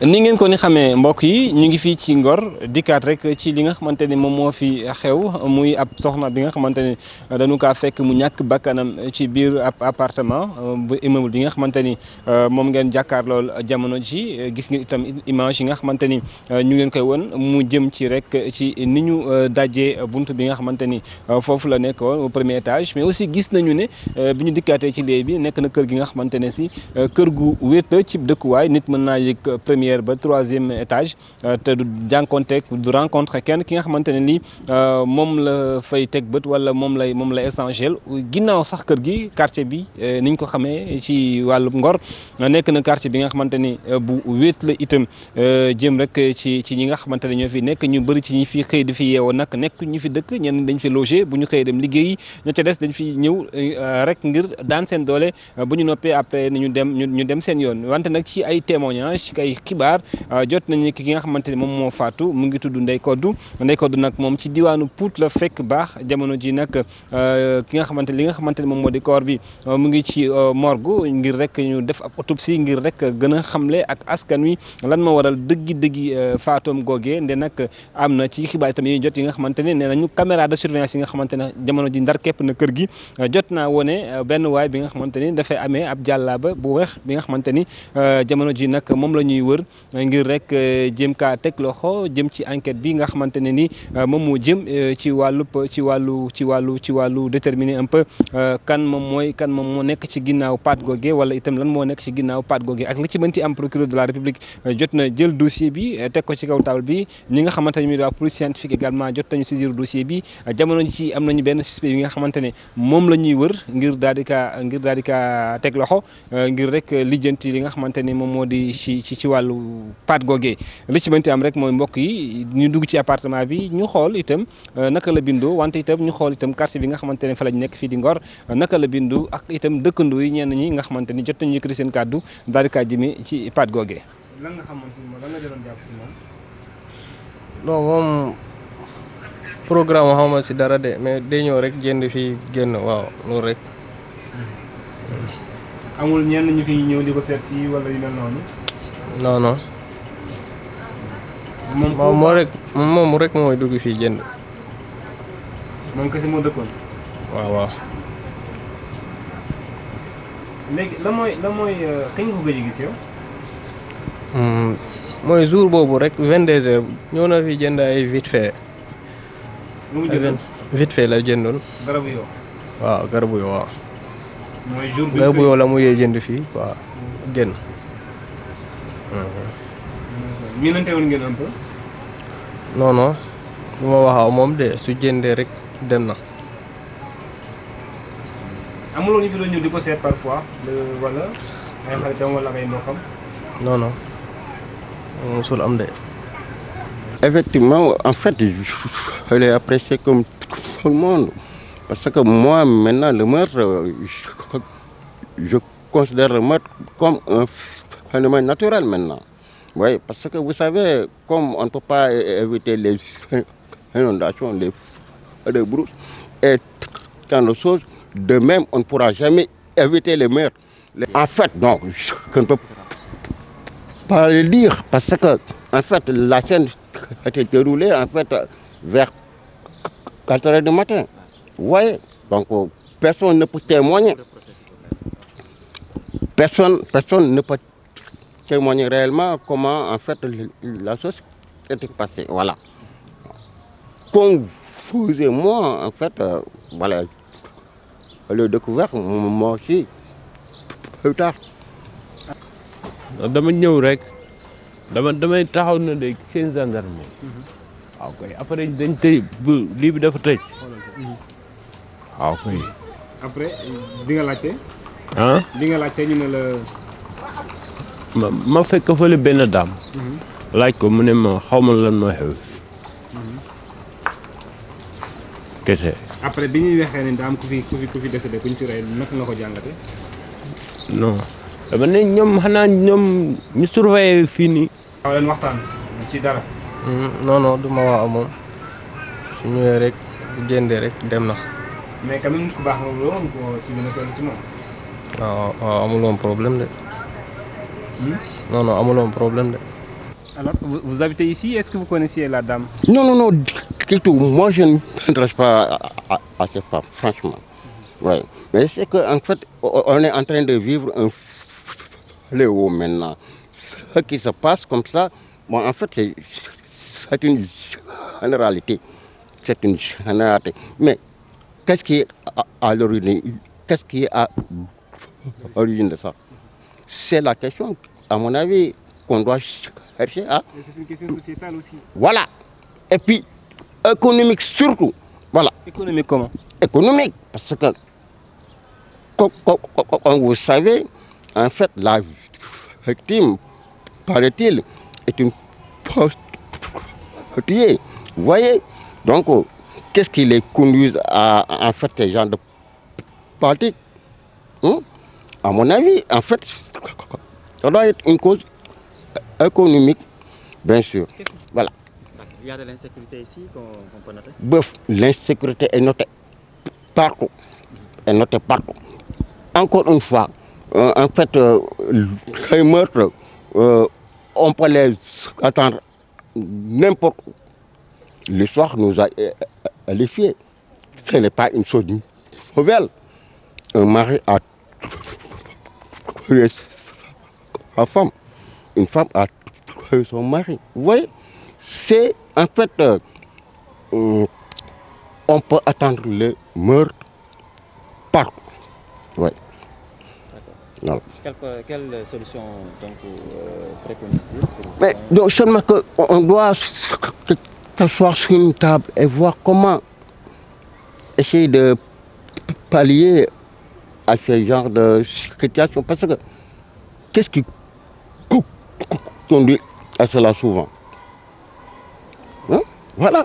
ni ngeen ko ni xamee mbokk yi ñu ngi fii ci Ngor dikkaat rek ci li nga xamante ni moom moo fi xew muy ab soxna bi nga xamante ni dañu kaa fekk mu ñàkk bakkanam ci biir ab appartement euh, bu immeuble bi nga xamante ni euh, moom ngeen jàkkaar lool jamono ji gis ngeen itam image yi nga xamante ni euh, ñu ngeen koy won mu jëm ci rek ci ni ñu dajee bunt bi nga xamante ni foofu la nekkoon au mais aussi gis nañu ne bi ñu dikkaatee ci léegi bi nekk na kër gi nga xamante ne si kër gu wéet la ci dëkkuwaay nit mën naa yëg premier première ba troisième étage euh, te du jànkonteeg du rencontre kenn ki nga xamante ne ni euh, moom la fay teg bët wala moom lay moom la essentiel ginnaaw sax kër gi quartier bi euh, niñ ko xamee ci wàllu ngor nekk na quartier bi nga xamante ni bu wéet la itam jëm rek ci ci ñi nga xamante ne ñoo fi nekk ñu bëri ci ñi fi xëy di fi yeewoo nag nekk ñu fi dëkk ñenn dañ fi logé bu ñu xëy dem liggéeyi ña ca des dañ fi ñëw rek ngir daan seen doole bu ñu noppee après ñu dem ñu dem seen yoon wante nag ci ay témoignage ci ay xibaar euh, jot nañu ki nga xamante ni moom moo faatu mu ngi tudd Ndeye Codou Ndeye Codou nag moom ci diwaanu Pout la fekk baax jamono ji nag euh, ki nga xamante li nga xamante ni moom moo di corps bi euh, mu ngi ci morgue ngir rek ñu def ab autopsie ngir rek gën a xamle ak askan wi lan moo waral dëggi dëggi faatoom googee nde nag am na ci xibaar itam jot yi nga xamante ne nee nañu caméra de surveillance nga xamante ne jamono ji ndar képp na kër gi jot naa wone benn waay bi nga xamante ni dafay amee ab jàllaaba bu weex bi nga xamante ni jamono ji nag moom la ñuy wër Eh, ngir rek eh, jëm ka tek loxo jëm ci enquête bi nga xamantene ni eh, mom mo jëm ci walu ci walu ci walu ci walu déterminer un peu kan mom moy kan mom mo nek ci ginnaw pat gogé wala itam lan mo nek ci ginnaw pat gogé ak la ci ti am procureur de la république jotna jël dossier bi tek ko ci kaw table bi ñi nga xamantene ne waa police scientifique également jot nañu saisir dossier bi jamono ci am nañu ben suspect yi nga xamantene mom lañuy wër ngir daal di ngir daal tek loxo ngir rek lijeenti li nga xamantene mom modi ci ci walu paat googee li ci mënti am rek mooy mbokk yi ñu dugg ci appartement bi ñu xool itam euh, naka la bindoo wante itam ñu xool itam quartier bi nga xamante ne fa lañ nekk fii di Ngor euh, naka la bindoo ak itam dëkkandoo yi ñenn ñi nga xamante ni jot nañu yëkkati seen kàddu daal di kaa ci paat lan nga xamoon si moom doon jàpp si moom. non si dara de mais day ñëw rek jënd fii génn waaw loolu rek. amul fi ñëw di ko seet si wala yu mel noonu. non non. moom moo rek moom rek mooy dugg fii jënd. moom kese moo dëkkoon. waaw waaw. léegi la mooy la euh, hmm, jour boobu rek vingt deux heures ñëw na fi jënd ay vite fait. vite fait la jëndoon. garabu yoo. waaw garabu yoo waaw. bi garabu yoo la mujjee jënd fii waaw génn. miinante woon ngeen un peu. non non lu ma waxaw moom de su jëndee rek dem na. amuloo ñu fi doon ñëw di ko seet parfois wala ay xaritam wala ay mbokkam. non non mosul am de. effectivement en fait je l'ai apprécié comme tout le monde parce que moi maintenant le meurtre je, je considère le meurtre comme un naturel maintenant. Oui, parce que vous savez, comme on ne peut pas éviter les inondations, les, brousses et tant de choses, de même, on ne pourra jamais éviter les meurtres. En fait, donc je ne peux pas le dire parce que, en fait, la scène était déroulée en fait, vers 4 h du matin. Vous voyez Donc, personne ne peut témoigner. Personne, personne ne peut témoigner réellement comment en fait la chose était passée. Voilà. Confusez-moi en fait, euh, voilà, le découvert, moi aussi, plus tard. dama ñëw rek dama damay taxaw na de seen gendarme waaw ah, koy après dañ tëj bu lii bi dafa tëj. waaw ah, koy. après di nga laajte. ah di nga laajte ñu ne la. ma ma fekk fële benn daam. Mhm. laaj ko mu ne ma xaw ma lan moo mhm. après bi ñuy waxee ne daam ku fi ku ku ñu ci rey naka nga ko jàngate non ñoom ñu surveiller fii nii. waaw leen waxtaan dara. Mm, non non du rek bu na. mais ah, ah, problème de. Hmm? Non, non, un problème. Alors, vous, habitez ici, est-ce que vous connaissiez la dame Non, non, non, Moi, je ne m'intéresse pas à, femme, franchement. Hmm. Mais c'est qu'en fait, on est en train de vivre un fléau maintenant. Ce qui se passe comme ça, bon, en fait, c'est une réalité. C'est une généralité. Mais qu'est-ce qui l'origine Qu'est-ce qui est à l'origine de ça C'est la question à mon avis, qu'on doit chercher hein. C'est une question sociétale aussi. Voilà. Et puis, économique surtout. Voilà. Économique comment Économique, parce que, comme vous savez, en fait, la victime, paraît-il, est une poste Vous voyez Donc, qu'est-ce qui les conduit à, en fait, ces gens de Parti. Hein? À mon avis, en fait, ça doit être une cause économique, bien sûr. Voilà. Il y a de l'insécurité ici qu'on peut noter Bof, l'insécurité est notée partout. Est Encore une fois, euh, en fait, euh, les meurtres, euh, on peut les attendre n'importe où. soir. nous a qualifiés. Euh, Ce n'est pas une chose nouvelle. Un mari a femme. Une femme a trouvé son mari. Vous voyez C'est en fait, euh, euh, on peut attendre le meurtre partout. Ouais. Quelle, euh, quelle, solution donc préconisez préconise Mais donc seulement qu'on doit s'asseoir sur une table et voir comment essayer de pallier à ce genre de situation. Parce que qu'est-ce qui conduit à cela souvent. Hein? Voilà.